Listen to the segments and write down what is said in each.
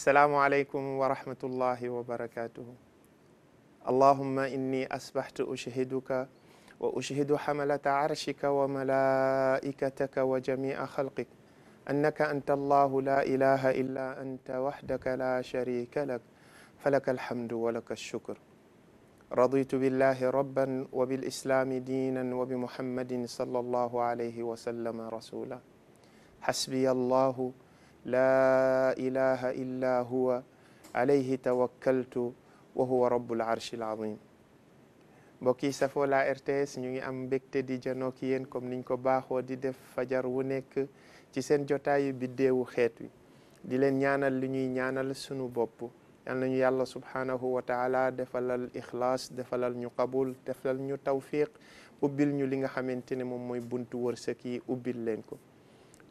assalaamu aleykum wa rahmatullahi wa barakatuhu allahumma inni asbahtu ushhiduka wa ushhidu hamalata arshika wa malaikataka wa jamia khalqik annaka anta allahu la ilaha illa anta wahdaka la sharika lak falaka alhamdu wa laka alshukr raditu billahi rabban wa bilislami diinan wa bimuhammadin sallallahu alayhi wa sallama rasula hasbiya allahu laa ilaha illa huwa alayhi tawakkaltu wa huwa rabbul arshil azim mbokk yi safoo la RTS ñu ngi am mbégte di janook yéen comme niñ ko baaxoo di def fajar wu nekk ci seen jotaayu biddeewu xeet wi di leen ñaanal li ñuy ñaanal sunu bopp yal nañu yàlla subhaanahu wa taala defalal ixlaas defalal ñu qabul defalal ñu tawfiq ubbil ñu li nga xamante ne moom mooy buntu wërsëg yi ubbil leen ko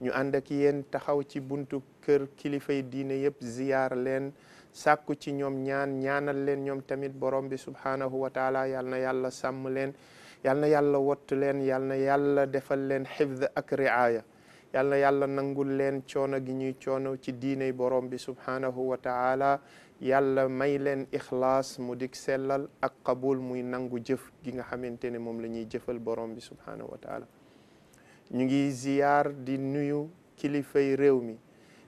ñu ànd ak yéen taxaw ci buntu kër kilifay diina yëpp ziyaar leen sàkku ci ñoom ñaan ñaanal leen ñoom tamit borom bi subhaanahu wa taala yal na yàlla sàmm leen yal yàlla wottu leen yal na yàlla defal leen xifd ak riaaya yal yàlla nangul leen coono gi ñuy coono ci diiney borom bi subhaanahu wa taala yàlla may leen ixlaas mu dik sellal ak qabul muy nangu jëf gi nga xamante ne moom la ñuy jëfal borom bi subhaanahu wa taala ñu ngi ziyaar di nuyu kilifay réew mi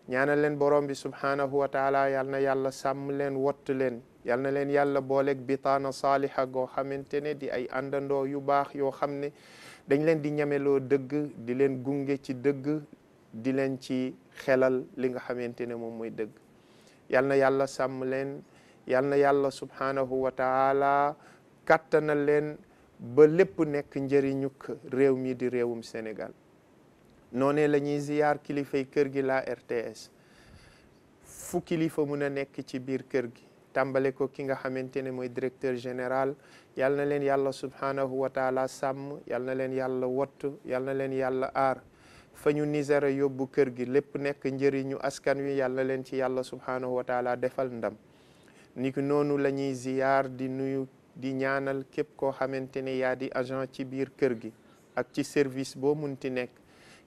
ñaanal leen borom bi subhaanahu wa taala yal na yàlla sàmm leen wott leen yal na leen yàlla booleeg bitaana saaliha goo xamante ne di ay àndandoo yu baax yoo xam ne dañ leen di ñameloo dëgg di leen gunge ci dëgg di leen ci xelal li nga xamante ne moom mooy dëgg yal na yàlla sàmm leen yal na yàlla subhaanahu wa leen ba lépp nekk njëriñuk réew mi di réewum Sénégal noonee lañuy ñuy ziyaar kilifay kër gi la RTS fu kilifa mun a nekk ci biir kër gi tàmbale ko ki nga xamante ne mooy directeur général yal na leen yàlla subhanahu wa taala sàmm yal na leen yàlla wott yal na leen yàlla aar fa ñu nisara yóbbu kër gi lépp nekk njëriñu askan wi yal na leen ci yàlla subhanahu wa taala defal ndam niki noonu la ziyaar di nuyu di ñaanal képp koo xamante ne yaa di agent ci biir kër gi ak ci service boo munti nekk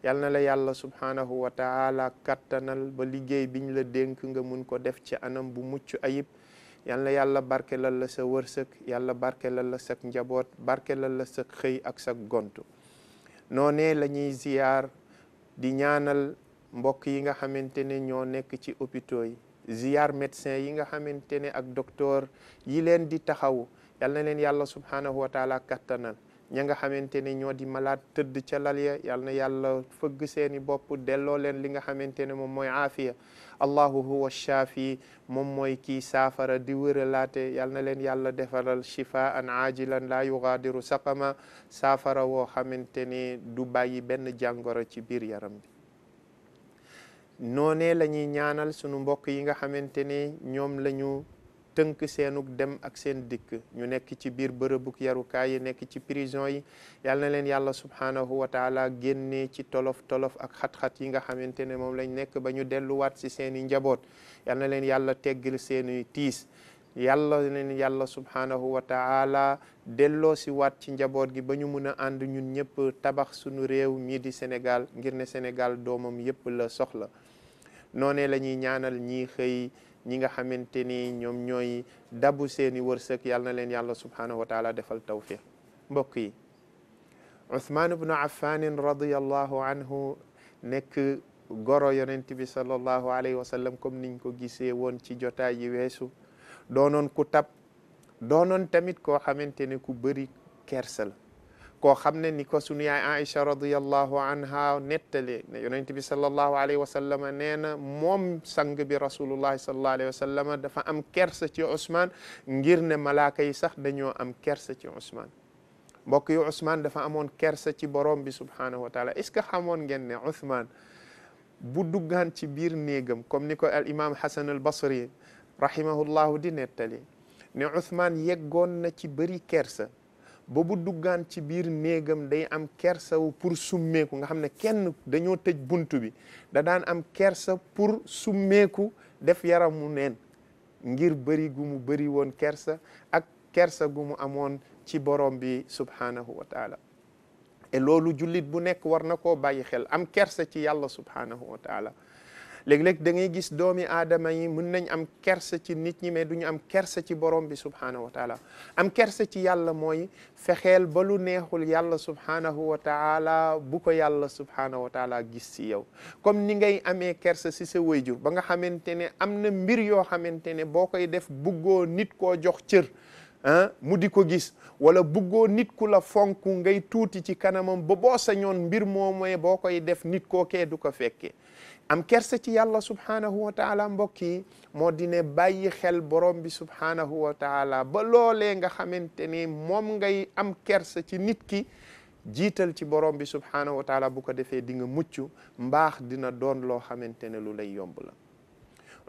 yal na la yàlla subhaanahu wa taala kattanal ba liggéey biñ la dénk nga mun ko def ci anam bu mucc ayib yal na yàlla barkelal la sa wërsëg yàlla barkelal la sa njaboot barkelal la sa xëy ak sa gontu noonee lañuy ñuy ziyaar di ñaanal mbokk yi nga xamante ne ñoo nekk ci hôpitaux yi ziyaar médecin yi nga xamante ne ak docteur yi leen di taxaw yal na leen yàlla subhaanahu wa taala kattanal ña nga xamante ne ñoo di malaat tëdd ca lal ya yal na yàlla fëgg seeni bopp delloo leen li nga xamante ne moom mooy aafiya allahu huwa shaafi moom mooy kii saafara di laate yal na leen yàlla defaral shifaan ajilan laa yugaadiru saqama saafara woo xamante ne du bàyyi benn jàngoro ci biir yaram bi ñaanal sunu mbokk yi nga xamante ne ñoom la tënk seenug dem ak seen dikk ñu nekk ci biir bërëbuk yarukaay yi nekk ci prison yi yal na leen yàlla subhaanahu wa taala génnee ci tolof tolof ak xat-xat yi nga xamante ne moom lañ nekk ba ñu delluwaat si seen i njaboot yal na leen yàlla teggil seeni tiis yàlla leen yàlla subhaanahu wa taala delloo si waat ci njaboot gi ba ñu mën a ànd ñun ñëpp tabax suñu réew mii di Sénégal ngir ne Sénégal doomam yëpp la soxla noonee la ñaanal ñii xëy ñi nga xamante ni ñoom ñooy dabu seeni wërsëg yal na leen yàlla subhaanahu wa taala defal tawfiq mbokk yi Usmaan ibnu Affanin radiallahu anhu nekk goro yonent bi sallallahu alayhi wa sallam niñ ko gisee woon ci jotaay yi weesu doonoon ku tab doonoon tamit koo xamante ne ku bëri kersel koo xam ne ni ko sunu yaay Aïcha radiyallahu anha nettalee bi sallallahu alayhi wa sallam nee na moom sang bi rasulullahi sallallahu alayhi dafa am kersa ci Ousmane ngir ne malaaka yi sax dañoo am kersa ci Ousmane mbokk yi dafa amoon kersa ci borom bi subhanahu wa taala est-ce que xamoon ngeen ne Ousmane bu duggaan ci biir néegam comme ni ko al di nettali ne Ousmane yeggoon na ci bëri kersa ba duggaan ci biir néegam day am kersawu pour summeeku nga xam ne kenn dañoo tëj bunt bi da daan am kersa pour summeeku def yaramu nen ngir bëri gu mu bëri woon kersa ak kersa gu mu amoon ci borom bi subhanahu wa taala et loolu jullit bu nekk war na koo bàyyi xel am kersa ci yàlla subhanahu wa taala léeg-léeg da ngay gis doomi aadama yi mën nañ am kersa ci nit ñi mais duñu am kersa ci borom bi subhaanahu wa taala am kersa ci yàlla mooy fexeel ba lu neexul yàlla subhaanahu wa taala bu ko yàlla subhaanahu wa gis si yow comme ni ngay amee kersa si sa wayjur ba nga xamante ne am na mbir yoo xamante ne boo koy def buggoo nit koo jox cër ah, mu di ko gis wala buggoo nit ku la fonk ngay tuuti ci kanamam ba boo sañoon mbir moomee boo koy def nit koo kee du ko fekkee am kerse ci yàlla subhaanahu wa taala mbokk yi moo dine ne bàyyi xel borom bi subhaanahu wa taala ba loolee nga xamante ne moom ngay am kerse ci nit ki jiital ci borom bi subhaanahu wa taala bu ko defee di nga mucc mbaax dina doon loo xamante ne lu lay yomb la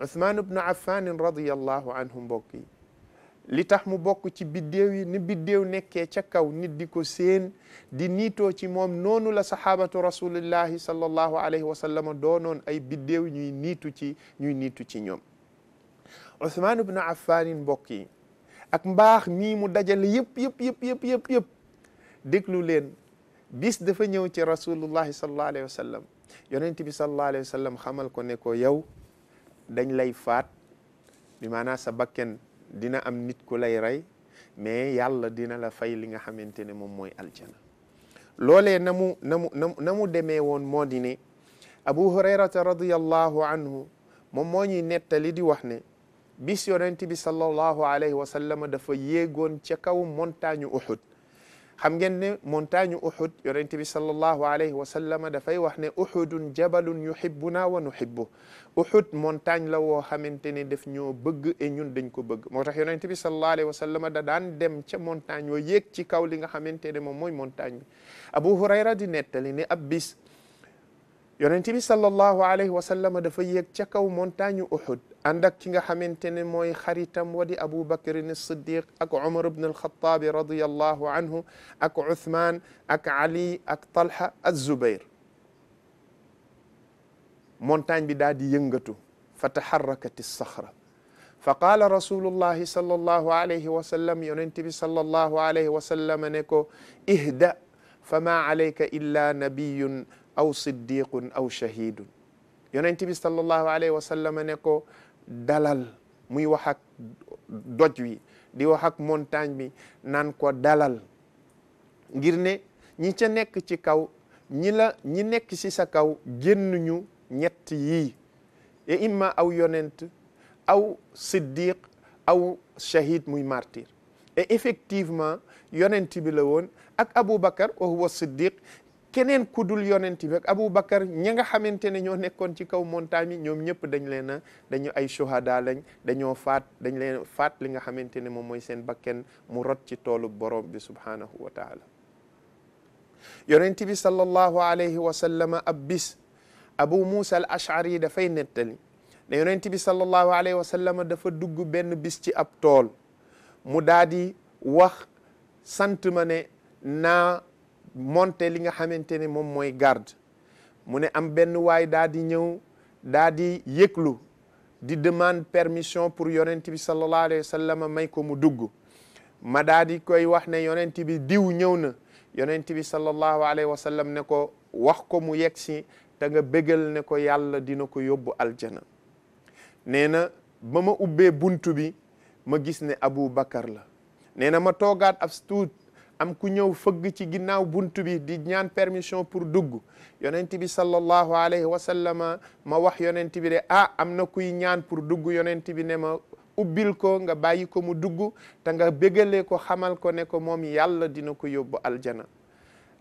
Uthman ibnu Affan radiyallahu anhu mbokk yi li tax mu bokk ci biddéew yi ni biddéew nekkee ca kaw nit di ko séen di niitoo ci moom noonu la sahabatu rasulillahi sallallahu alayhi wa sallam doonoon ay biddéew ñuy niitu ci ñuy niitu ci ñoom Usmaan ibnu Affaanin mbokk yi ak mbaax mii mu dajale yëpp yëpp yëpp yëpp yëpp yëpp leen bis dafa ñëw ci rasulullahi sallallahu alayhi wa sallam yonent bi sallallahu alayhi wa sallam xamal ko ne ko yow dañ lay faat bi maanaa sa dina am nit ku lay rey mais yàlla dina la fay li nga xamante ne moom mooy aljana loole na mu na na mu demee woon moo di ne abu hurayrata radiallahu anhu moom moo ñuy nettali di wax ne bis yonent bi sallallahu alayhi wa sallam dafa yéegoon ca kaw montagne Uhud xam ngeen ne montagne Uhud yonent bi sallallahu alayhi wa sallam dafay wax ne Uhudun jabalun yuhibbuna wanu nuhibbu Uhud montagne la woo xamante ne daf ñoo bëgg et ñun dañ ko bëgg moo tax yonent bi sallallahu alayhi wa sallam da daan dem ca montagne yoo yéeg ci kaw li nga xamante ne moom mooy montagne bi Abu Hurayra di nettali ne ab bis yonent bi sallallahu alayhi wa sallam dafa yéeg ca kaw montagne Uhud ànd ak ki nga xamante ne mooy xaritam wa di Abu Bakrin Siddiq ak Umar ibn al-Khattabi radiyallahu anhu ak Uthman ak Ali ak Talha ak Zubair montagne bi daal di yëngatu fa taxarakat as-saxra fa qaala rasulullahi sallallahu alayhi wa sallam yonent bi sallallahu alayhi wa sallam ne ko ihda fa maa alayka illa nabiyun aw siddiqun aw shahidun yonent bi sallallahu alayhi wa sallam ne ko dalal muy wax ak doj wi di wax ak montagne bi naan ko dalal ngir ne ñi ca nekk ci kaw ñi la ñi nekk ci sa kaw génnuñu ñett yii e imma aw yonent aw siddiq aw shahid muy martyr et effectivement yonent bi la woon ak Aboubacar wa huwa siddiq keneen ku dul yonent bi ak ñi nga xamante ne ñoo nekkoon ci kaw montagne yi ñoom ñëpp dañ leen a dañu ay shuhada lañ dañoo faat dañ leen faat li nga xamante ne moom mooy seen bakken mu rot ci toolu borom bi subhanahu wa taala yonent bi sallallahu alayhi wa sallama ab bis abu moussa al ashari dafay nettali ne yonent bi sallallahu alayhi dafa dugg benn bis ci ab tool mu daal di wax sant ma ne naa moon te li nga xamante ne moom mooy garde mu ne am benn waay daa di ñëw daa di yëglu di demand permission pour yonent bi sallallahu alayhi wa may ko mu dugg ma daa di koy wax ne yonent bi diw ñëw na yonent bi sallallahu alayhi wa ne ko wax ko mu yegg si te nga bégal ne ko yàlla dina ko yóbbu aljana nee na ba ma ubbee buntu bi ma gis ne Abu Bakar la nee ma toogaat ab tuut am ku ñëw fëgg ci ginnaaw bunt bi di ñaan permission pour dugg yonent bi sallallahu alayhi wa sallama ma wax yonent bi de ah, am na kuy ñaan pour dugg yonent bi ne ma ubbil ko nga bàyyi ko mu dugg te nga bégalee ko xamal ko ne ko moom yàlla dina ko yóbbu aljana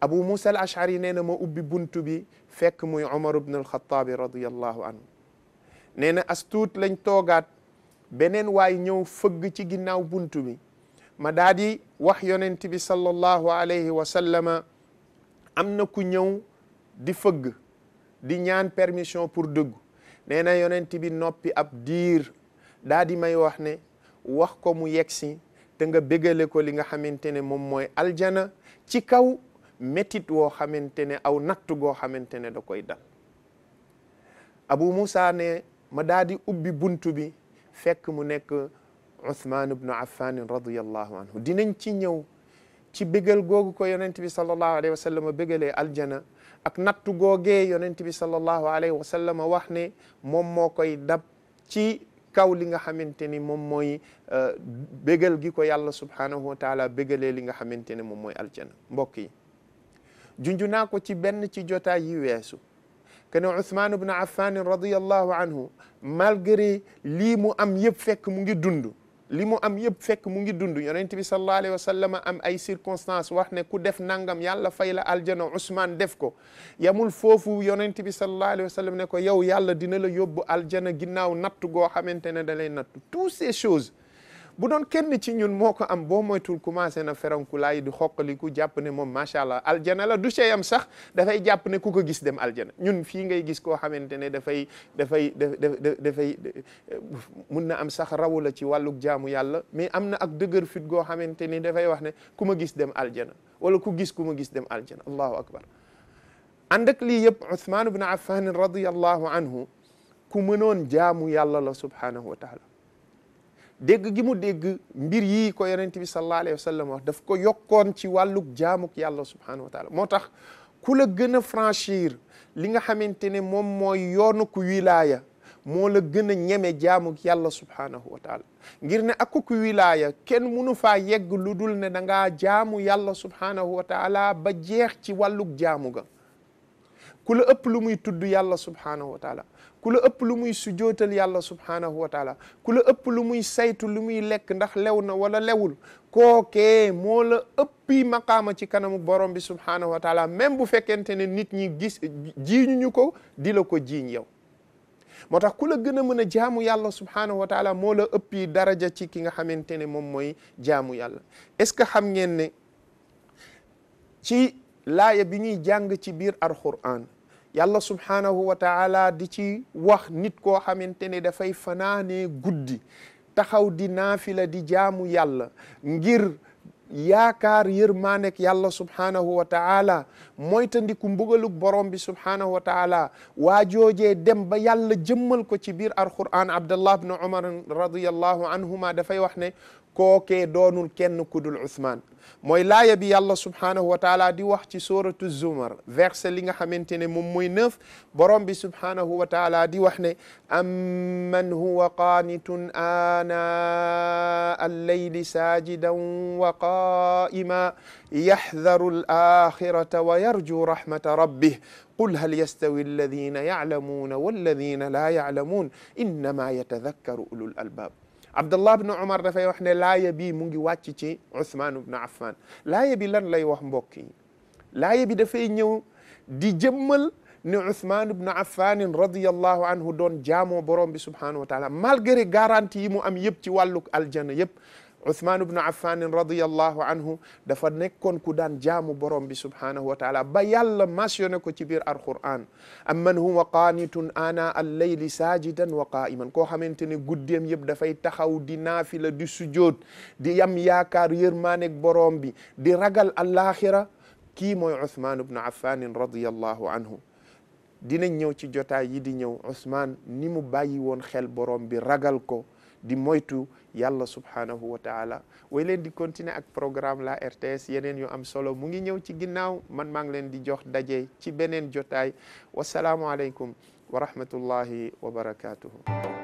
abu musa al ashari nee na ma ubbi buntu bi fekk muy omar ibn alxataabi radiallahu anhu nee na astuut lañ toogaat beneen waay ñëw fëgg ci ginnaaw buntu bi ma daa di wax yonent bi sallallahu alayhi wa sallama am na ku ñëw di fëgg di ñaan permission pour dugg nee na yonent bi noppi ab diir daa may wax ne wax ko mu yegsi te nga bégale ko li nga xamante ne moom mooy aljana ci kaw metit woo xamante ne aw natt goo xamante ne da koy dal Abu Moussa ne ma daa ubbi buntu bi fekk mu nekk Uthman ibnu Affan radiyallahu anhu dinañ ci ñëw ci bégal googu ko yonent bi sallallahu alayhi wa sallam bégalee aljana ak nattu googee yonent bi sallallahu alayhi wa sallam wax ne moom moo koy dab ci kaw li nga xamante ni moom mooy euh, bégal gi ko yàlla subhanahu wa taala bégalee li nga xamante ne moom mooy aljana mbokk yi junju naa ko ci benn ci jotaay yi weesu kene Uthman ibn Affan radiyallahu anhu malgré lii mu am yëpp fekk mu ngi dund li mu am yëpp fekk mu ngi dund yonent bi sallallahu alayhi wa sallam am ay circonstances wax ne ku def nangam yàlla fay la aljana Ousmane def ko yamul foofu yonent bi sallallahu alayhi wa sallam ne ko yow yàlla dina la yóbbu aljana ginnaaw nattu goo xamante ne da lay natt toutes ces choses bu doon kenn ci ñun moo ko am boo moytul commencé na ferankulaayi di xoqaliku jàpp ne moom macha allah aljana la du am sax dafay jàpp ne ku ko gis dem aljana ñun fii ngay gis koo xamante ne dafay dafay dafay mun na am sax rawula ci wàlluk jaamu yàlla mais am na ak dëgër fit goo xamante ni dafay wax ne ku ma gis dem aljana wala ku gis ku ma gis dem aljana allahu akbar ànd ak lii yëpp Uthman ibn Affan radiyallahu anhu ku mënoon jaamu yàlla la subhanahu wa dégg gi mu dégg mbir yi ko yonent bi sallallahu alayhi wa sallam wax daf ko yokkoon ci wàlluk jaamuk yàlla subhanahu wa taala moo tax ku la gën a franchir li nga xamante ne moom mooy yoonu ku wilaaya moo la gën a ñeme jaamu yàlla subhanahu wa taala ngir ne ak ku wilaaya kenn munu faa yegg lu dul ne danga jaamu yàlla subhanahu wa taala ba jeex ci wàlluk jaamu ga ku la ëpp lu muy tudd yàlla subhanahu wa taala kula ëpp lu muy sujootal yàlla subhaanahu wa taala ku la ëpp lu muy saytu lu muy lekk ndax lew na wala lewul kookee moo la ëppi maqaama ci kanamu borom bi subhaanahu wa taala même bu fekkente ne nit ñi gis jiiñu ñu ko di la ko jiiñ yow moo tax ku la gën a mën a jaamu yàlla subhaanahu wa taala moola ëppi daraja ci ki nga xamante ne moom mooy jaamu yàlla est-ce que xam ngeen ne ci laaya bi ñuy jàng ci biir alquran yàlla subhaanahu wa taala di ci wax nit koo xamante ne dafay fanaanee guddi taxaw di naafila di jaamu yàlla ngir yaakaar yërmaanek yàlla subhaanahu wa taala moytandiku mbugaluk borom bi subhaanahu wa taala waa joojee dem ba yàlla jëmmal ko ci biir alquran abdallah bne omar radiallahu anhuma dafay wax ne kookee doonul kenn kudul Ousmane mooy laaya bi yàlla subhaanahu wa taala di wax ci suratu zumar verset li nga xamante ne moom mooy neuf borom bi subhaanahu wa taala di wax ne amman huwa qaanitun aanaa alleyli saajidan wa qaa'ima yaxdaru alaxirata wa yarju rahmata rabbih qul hal yastawi alladina yaclamuuna walladina laa yaclamuun innamaa yatadakkaru ulul albaab abdallah ibn omar dafay wax ne laaya bi mu ngi wàcc ci usmaan ibn affan laaya bi lan lay wax mbokk yi laaya bi dafay ñëw di jëmmal ne usmaan ibn affanin radiallahu anhu doon jaamoo borom bi subhanahu wa taala malgré garantie yi mu am yëpp ci wàlluk aljana yëpp Ousmane ibnu Affan radiyallahu anhu dafa nekkoon ku daan jaamu borom bi subhanahu wa taala ba yàlla mentionné ko ci biir alquran amman huwa qaanitun ana al-layli saajidan wa qaa'iman koo xamante ne guddeem yëpp dafay taxaw di naafila di sujood di yam yaakaar yërmaaneeg borom bi di ragal alaaxira kii mooy Ousmane ibnu Affan radiyallahu anhu dinañ ñëw ci jotaay yi di ñëw Ousmane ni mu bàyyi woon xel borom bi ragal ko. di moytu yàlla subhanahu wa taala way leen di continuer ak programme la RTS yeneen yu am solo mu ngi ñëw ci ginnaaw man maa ngi leen di jox daje ci beneen jotaay wasalaamualeykum wa rahmatullahi wa